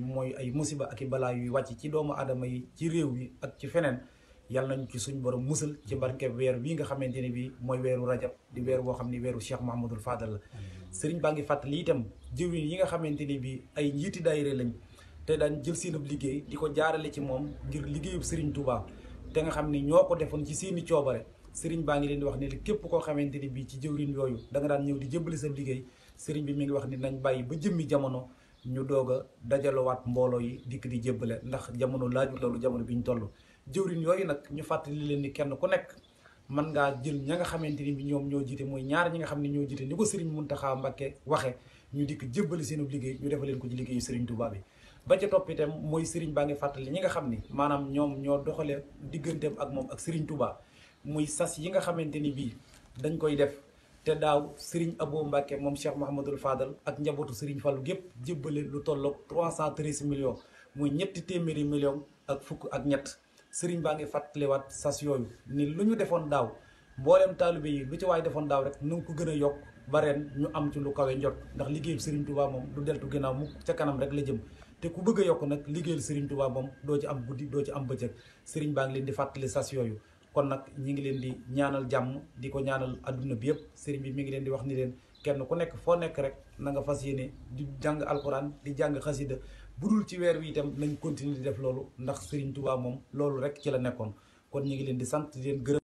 mooy ay musiba ak balaa yuy wàcc ci doomu aadama yi ci réew mi ak ci feneen yàlla nañ ci suñ borom musal ci barke weer bii nga xamante ne bii mooy weeru rajab di weer xam ne weeru Cheikh Mahamadul Fadal la sëriñ baa ngi fàttali itam jëwin yi nga xamante ne bii ay njiiti daayira lañ te daan jël seen ab liggéey di ko jaarale ci moom ngir liggéeyub sëriñ Touba te nga xam ni ñoo ko defoon ci seeni coobare sëriñ baa ngi leen di wax ne képp koo xamante ni bii ci jëwrin yooyu da nga daan ñëw di jëbbali sa liggéey sëriñ bi mi ngi wax ni nañ bàyyi ba jëmmi jamono ñu doog a dajalowaat mbooloo yi dikk di jébbale ndax jamono laajul loolu jamono bi ñu toll jëwriñ yooyu nag ñu fàttali leen ni kenn ku nekk mën ngaa jël ña nga xamante ni bi ñoom ñoo jiite mooy ñaar ñi nga xam ne ñoo jiite ni ko Serigne Mountakha Mbacké waxe ñu dikk jébbale seen liggéey ñu defal leen ko ci liggéeyu Serigne Touba bi ba ca topp itam mooy Serigne baa ngi fàttali ñi nga xam ni maanaam ñoom ñoo doxale digganteem ak moom ak Serigne Touba muy sas yi nga xamante ni bii dañ koy def te daaw Serigne Abou Mbacke moom Cheikh Mouhamadul faadal ak njabootu Serigne Fallou gépp jébbale lu tolloog 313 millions mooy ñetti téeméeri millions ak fukk ak ñett Serigne baa ngi fàttale waat sas yooyu ni lu ñu defoon daaw mboolem taalibe yi lu ci waay defoon daaw rek na nga ko gën a yokk ba ñu am ci lu kawe njot ndax liggéeyub Serigne Touba moom du deltu ginnaaw mu ca kanam rek la jëm te ku bëgg yokk nag liggéeyal Serigne Touba moom doo ci am guddi doo ci am bëccëg Serigne baa ngi leen di fàttali sas yooyu. kon nag ñi ngi leen di ñaanal jàmm di ko ñaanal adduna bi yëpp sëriñ bi mi ngi leen di wax ni leen kenn ku nekk foo nekk rek nanga fas yéene di jàng alxuraan di jàng xasida bu dul ci weer wi itam nañ continuer di def loolu ndax sëriñ Tuubaa moom loolu rek ci la nekkoon kon ñi ngi leen di sant di leen gërëm